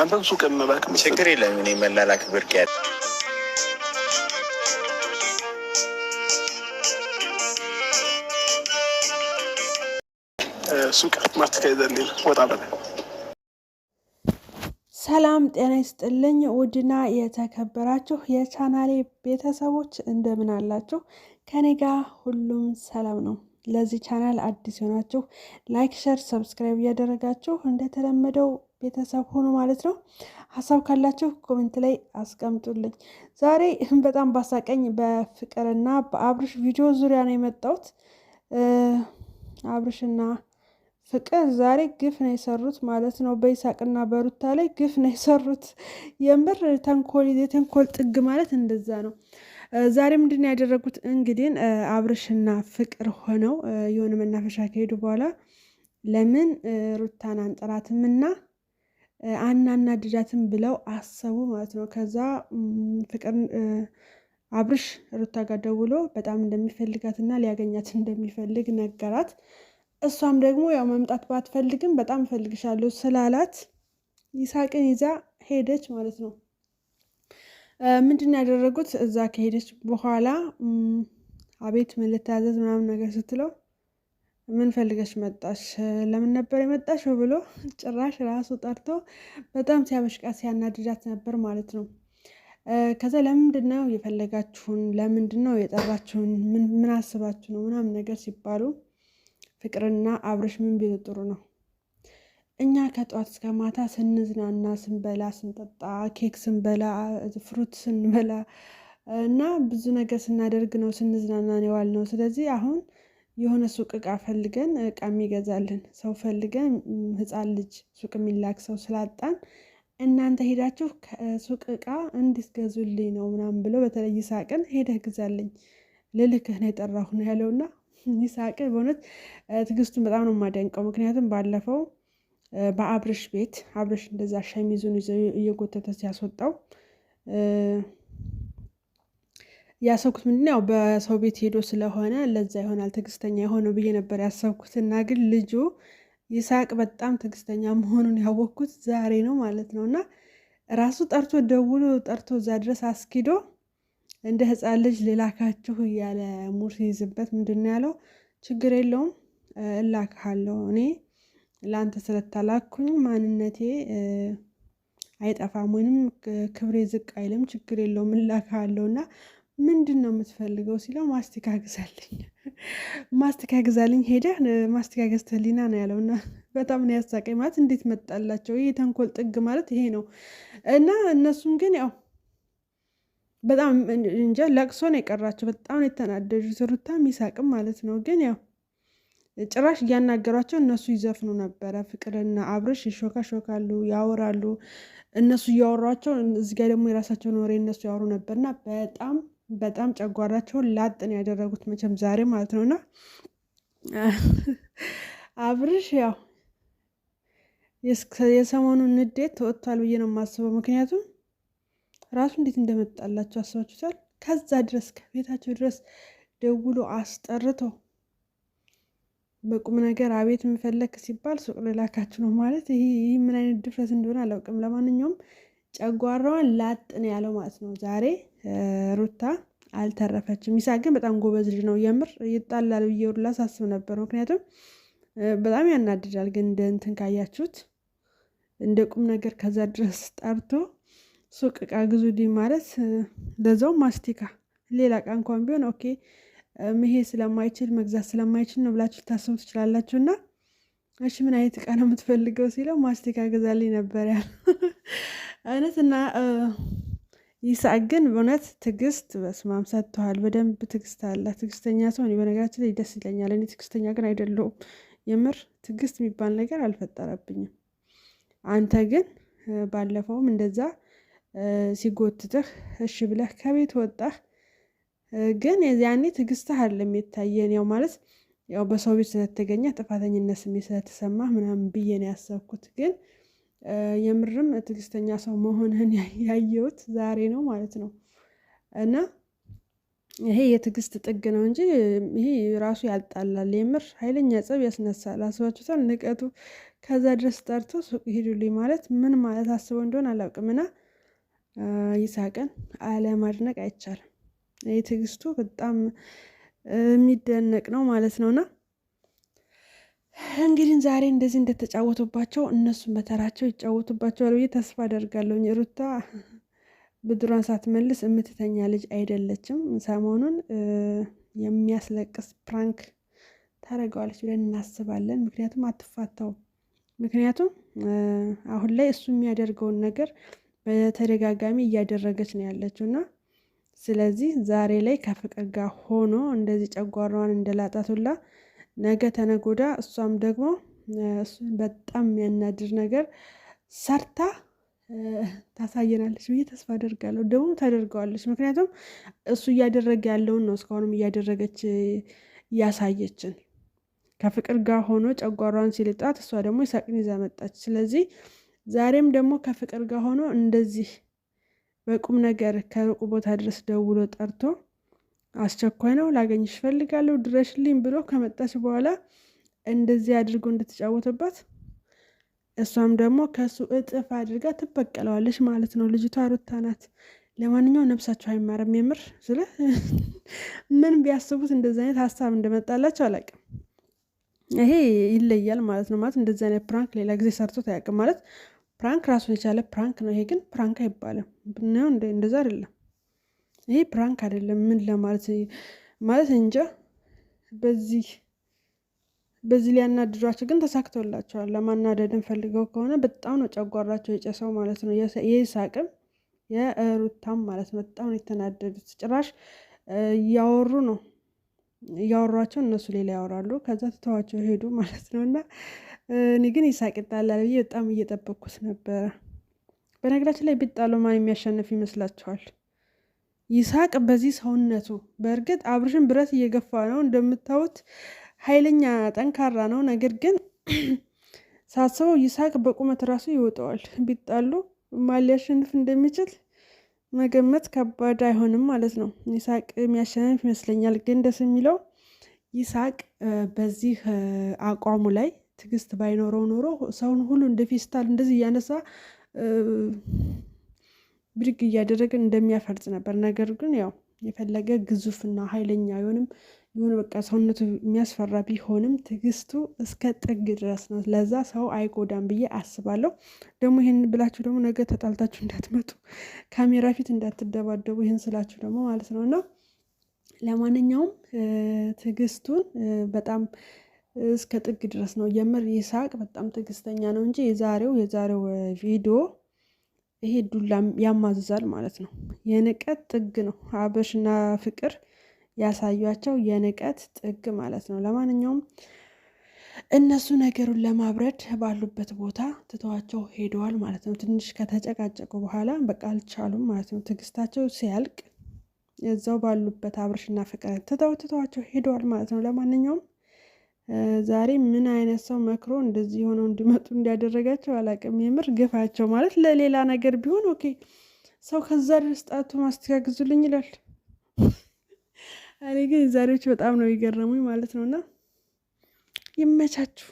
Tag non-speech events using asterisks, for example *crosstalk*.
አንተን ሱቅ መላክ ችግር የለም። እኔ መላላክ ብርቅ ያለ ሱቅ ወጣ በለ ሰላም ጤና ይስጥልኝ። ውድና የተከበራችሁ የቻናሌ ቤተሰቦች እንደምን አላችሁ? ከኔ ጋር ሁሉም ሰላም ነው። ለዚህ ቻናል አዲስ የሆናችሁ ላይክ፣ ሸር፣ ሰብስክራይብ እያደረጋችሁ እንደተለመደው ቤተሰብ ሆኖ ማለት ነው። ሀሳብ ካላችሁ ኮሜንት ላይ አስቀምጡልኝ። ዛሬ በጣም ባሳቀኝ በፍቅርና በአብርሽ ቪዲዮ ዙሪያ ነው የመጣሁት። አብርሽና ፍቅር ዛሬ ግፍ ነው የሰሩት ማለት ነው። በይሳቅና በሩታ ላይ ግፍ ነው የሰሩት። የምር ተንኮል የተንኮል ጥግ ማለት እንደዛ ነው። ዛሬ ምንድን ነው ያደረጉት? እንግዲህ አብርሽና ፍቅር ሆነው የሆነ መናፈሻ ከሄዱ በኋላ ለምን ሩታን አንጠራትምና አናናድዳትም ብለው አሰቡ ማለት ነው። ከዛ ፍቅር አብርሽ ሩታ ጋር ደውሎ በጣም እንደሚፈልጋትና ሊያገኛት እንደሚፈልግ ነገራት። እሷም ደግሞ ያው መምጣት ባትፈልግም በጣም እፈልግሻለሁ ስላላት ይሳቅን ይዛ ሄደች ማለት ነው። ምንድን ያደረጉት? እዛ ከሄደች በኋላ አቤት ምን ልታዘዝ ምናምን ነገር ስትለው ምን ፈልገሽ መጣሽ? ለምን ነበር የመጣሽው? ብሎ ጭራሽ ራሱ ጠርቶ በጣም ሲያበሽቃት ሲያናድዳት ነበር ማለት ነው። ከዛ ለምንድን ነው የፈለጋችሁን? ለምንድን ነው የጠራችሁን? ምን አስባችሁ ነው? ምናምን ነገር ሲባሉ ፍቅርና አብረሽ ምን ቢሉ ጥሩ ነው እኛ ከጠዋት እስከ ማታ ስንዝናና ስንበላ ስንጠጣ ኬክ ስንበላ ፍሩት ስንበላ እና ብዙ ነገር ስናደርግ ነው ስንዝናና የዋል ነው። ስለዚህ አሁን የሆነ ሱቅ እቃ ፈልገን እቃ የሚገዛልን ሰው ፈልገን ህፃን ልጅ ሱቅ የሚላክ ሰው ስላጣን እናንተ ሄዳችሁ ከሱቅ እቃ እንድትገዙልኝ ነው ምናምን ብሎ በተለይ ይሳቅን ሄደህ ግዛልኝ ልልክህ ነው የጠራሁ ነው ያለውና ይሳቅ በእውነት ትግስቱን በጣም ነው የማደንቀው። ምክንያቱም ባለፈው በአብርሽ ቤት አብርሽ እንደዛ ሸሚዙን ይዘው እየጎተተ ሲያስወጣው ያሰብኩት ምንድን ያው በሰው ቤት ሄዶ ስለሆነ ለዛ ይሆናል ትዕግስተኛ የሆነው ብዬ ነበር ያሰብኩት እና ግን ልጁ ይሳቅ በጣም ትዕግስተኛ መሆኑን ያወቅኩት ዛሬ ነው ማለት ነው። እና ራሱ ጠርቶ ደውሎ ጠርቶ እዛ ድረስ አስኪዶ እንደ ህፃን ልጅ ልላካችሁ እያለ ሙር ሲይዝበት ምንድን ያለው? ችግር የለውም እላክሃለሁ እኔ ለአንተ ስለታላኩኝ ማንነቴ አይጠፋም ወይንም ክብሬ ዝቅ አይልም፣ ችግር የለውም እላክሃለሁ እና ምንድን ነው የምትፈልገው ሲለው ማስቲካ ግዛልኝ፣ ማስቲካ ግዛልኝ፣ ሄደህ ማስቲካ ገዝተህሊና ነው ያለው። እና በጣም ነው ያሳቀኝ። ማለት እንዴት መጣላቸው! ይህ የተንኮል ጥግ ማለት ይሄ ነው። እና እነሱም ግን ያው በጣም እንጃ ለቅሶ ነው የቀራቸው። በጣም የተናደዱት ሩታም ይሳቅም ማለት ነው። ግን ያው ጭራሽ እያናገሯቸው እነሱ ይዘፍኑ ነበረ። ፍቅርና አብርሽ ሾካሉ ያወራሉ። እነሱ እያወሯቸው እዚጋ ደግሞ የራሳቸውን ወሬ እነሱ ያወሩ ነበርና በጣም በጣም ጨጓራቸውን ላጥን ያደረጉት መቼም ዛሬ ማለት ነው። እና አብርሽ ያው የሰሞኑን ንዴት ተወጥቷል ብዬ ነው የማስበው። ምክንያቱም ራሱ እንዴት እንደመጣላቸው አስባችሁታል። ከዛ ድረስ ከቤታቸው ድረስ ደውሎ አስጠርቶ በቁም ነገር አቤት የምፈለግ ሲባል ሱቅ ልላካችሁ ነው ማለት ይህ ምን አይነት ድፍረት እንደሆነ አላውቅም። ለማንኛውም ጨጓራዋን ላጥን ያለው ማለት ነው ዛሬ ሩታ አልተረፈችም። ይሳቅ ግን በጣም ጎበዝ ልጅ ነው። የምር ይጣላል ብዬ ሁላ ሳስብ ነበር። ምክንያቱም በጣም ያናድዳል። ግን እንደ እንትን ካያችሁት እንደ ቁም ነገር ከዛ ድረስ ጠርቶ ሱቅ እቃ ግዙልኝ ማለት ለዛው ማስቲካ፣ ሌላ እቃ እንኳን ቢሆን ኦኬ መሄድ ስለማይችል መግዛት ስለማይችል ነው ብላችሁ ልታስቡ ትችላላችሁ። እና እሺ ምን አይነት እቃ ነው የምትፈልገው ሲለው ማስቲካ ግዛልኝ ነበር ያለ *laughs* እውነት እና ይስሐቅ ግን በእውነት ትዕግስት በስማም ሰጥተዋል። በደንብ ትዕግስት አለ። ትዕግስተኛ ሰው በነገራችን ላይ ደስ ይለኛል። እኔ ትዕግስተኛ ግን አይደለሁም። የምር ትዕግስት የሚባል ነገር አልፈጠረብኝም። አንተ ግን ባለፈውም እንደዛ ሲጎትትህ እሺ ብለህ ከቤት ወጣህ። ግን የዚያኔ ትዕግስትህ አይደለም የታየን። ያው ማለት ያው በሰው ቤት ስለተገኘ ጥፋተኝነት ስሜት ስለተሰማህ ምናምን ብዬ ነው ያሰብኩት ግን የምርም ትዕግስተኛ ሰው መሆንህን ያየሁት ዛሬ ነው ማለት ነው። እና ይሄ የትዕግስት ጥግ ነው እንጂ ይሄ ራሱ ያጣላል። የምር ኃይለኛ ጸብ ያስነሳል። አስባችሁታል? ንቀቱ ከዛ ድረስ ጠርቶ ሱቅ ሂዱልኝ ማለት ምን ማለት አስበው እንደሆን አላውቅም። እና ይሳቅን አለማድነቅ አይቻልም። ይህ ትዕግስቱ በጣም የሚደነቅ ነው ማለት ነውና እንግዲህ ዛሬ እንደዚህ እንደተጫወቱባቸው እነሱን በተራቸው ይጫወቱባቸዋል ብዬ ተስፋ አደርጋለሁ። ሩታ ብድሯን ሳትመልስ የምትተኛ ልጅ አይደለችም። ሰሞኑን የሚያስለቅስ ፕራንክ ታደርገዋለች ብለን እናስባለን። ምክንያቱም አትፋታው ምክንያቱም አሁን ላይ እሱ የሚያደርገውን ነገር በተደጋጋሚ እያደረገች ነው ያለችው እና ስለዚህ ዛሬ ላይ ከፍቅር ጋር ሆኖ እንደዚህ ጨጓራዋን እንደላጣቱላ ነገ ተነጎዳ እሷም ደግሞ በጣም የሚያናድር ነገር ሰርታ ታሳየናለች ብዬ ተስፋ አደርጋለሁ። ደግሞ ታደርገዋለች። ምክንያቱም እሱ እያደረገ ያለውን ነው እስካሁንም እያደረገች እያሳየችን። ከፍቅር ጋር ሆኖ ጨጓሯን ሲልጣት እሷ ደግሞ ይሳቅን ይዛ መጣች። ስለዚህ ዛሬም ደግሞ ከፍቅር ጋር ሆኖ እንደዚህ በቁም ነገር ከሩቁ ቦታ ድረስ ደውሎ ጠርቶ አስቸኳይ ነው፣ ላገኝሽ እፈልጋለሁ፣ ድረሽልኝ ብሎ ከመጣች በኋላ እንደዚህ አድርጎ እንደተጫወተባት እሷም ደግሞ ከሱ እጥፍ አድርጋ ትበቀለዋለች ማለት ነው። ልጅቷ ሩታ ናት። ለማንኛውም ነብሳቸው አይማርም። የምር ስለ *laughs* ምን ቢያስቡት እንደዚህ አይነት ሀሳብ እንደመጣላቸው አላውቅም። ይሄ ይለያል ማለት ነው። ማለት እንደዚህ አይነት ፕራንክ ሌላ ጊዜ ሰርቶት አያውቅም ማለት ፕራንክ ራሱን የቻለ ፕራንክ ነው። ይሄ ግን ፕራንክ አይባልም። ብናየው እንደዛ አይደለም። ይሄ ፕራንክ አይደለም። ምን ለማለት ማለት እንጃ። በዚህ በዚህ ሊያናድዷቸው ግን ተሳክቶላቸዋል። ለማናደድን ፈልገው ከሆነ በጣም ነው ጨጓራቸው የጨሰው ማለት ነው። የይሳቅም የሩታም ማለት ነው። በጣም ነው የተናደዱት። ጭራሽ እያወሩ ነው እያወሯቸው እነሱ ሌላ ያወራሉ። ከዛ ትተዋቸው ሄዱ ማለት ነው። እና እኔ ግን ይሳቅ ይጣላል ብዬ በጣም እየጠበኩት ነበረ። በነገራችን ላይ ቢጣሉ ማን የሚያሸንፍ ይመስላችኋል? ይስሐቅ በዚህ ሰውነቱ በእርግጥ አብርሽን ብረት እየገፋ ነው። እንደምታዩት ኃይለኛ ጠንካራ ነው። ነገር ግን *clears throat* ሳስበው ይስሐቅ በቁመት ራሱ ይወጣዋል። ቢጣሉ ማን ሊያሸንፍ እንደሚችል መገመት ከባድ አይሆንም ማለት ነው። ይስሐቅ የሚያሸንፍ ይመስለኛል። ግን ደስ የሚለው ይስሐቅ በዚህ አቋሙ ላይ ትዕግስት ባይኖረው ኖሮ ሰውን ሁሉ እንደ ፌስታል እንደዚህ እያነሳ ብድግ እያደረግን እንደሚያፈርጥ ነበር። ነገር ግን ያው የፈለገ ግዙፍና ኃይለኛ ቢሆንም ይሁን በቃ ሰውነቱ የሚያስፈራ ቢሆንም ትዕግስቱ እስከ ጥግ ድረስ ነው። ለዛ ሰው አይጎዳም ብዬ አስባለሁ። ደግሞ ይህን ብላችሁ ደግሞ ነገ ተጣልታችሁ እንዳትመጡ ካሜራ ፊት እንዳትደባደቡ፣ ይህን ስላችሁ ደግሞ ማለት ነው እና ለማንኛውም ትዕግስቱን በጣም እስከ ጥግ ድረስ ነው። የምር ይሳቅ በጣም ትዕግስተኛ ነው እንጂ የዛሬው የዛሬው ቪዲዮ ይሄ ዱላ ያማዝዛል ማለት ነው። የንቀት ጥግ ነው። አብርሽና ፍቅር ያሳያቸው የንቀት ጥግ ማለት ነው። ለማንኛውም እነሱ ነገሩን ለማብረድ ባሉበት ቦታ ትተዋቸው ሄደዋል ማለት ነው። ትንሽ ከተጨቃጨቁ በኋላ በቃ አልቻሉም ማለት ነው። ትዕግስታቸው ሲያልቅ እዛው ባሉበት አብርሽና ፍቅር ትተው ትተዋቸው ሄደዋል ማለት ነው። ለማንኛውም ዛሬ ምን አይነት ሰው መክሮ እንደዚህ ሆኖ እንዲመጡ እንዲያደረጋቸው አላቅም። የምር ግፋቸው ማለት ለሌላ ነገር ቢሆን ኦኬ፣ ሰው ከዛ ድረስ ጣቱ ማስተጋግዙልኝ ይላል። እኔ ግን ዛሬዎች በጣም ነው የገረሙኝ ማለት ነው። እና ይመቻችሁ።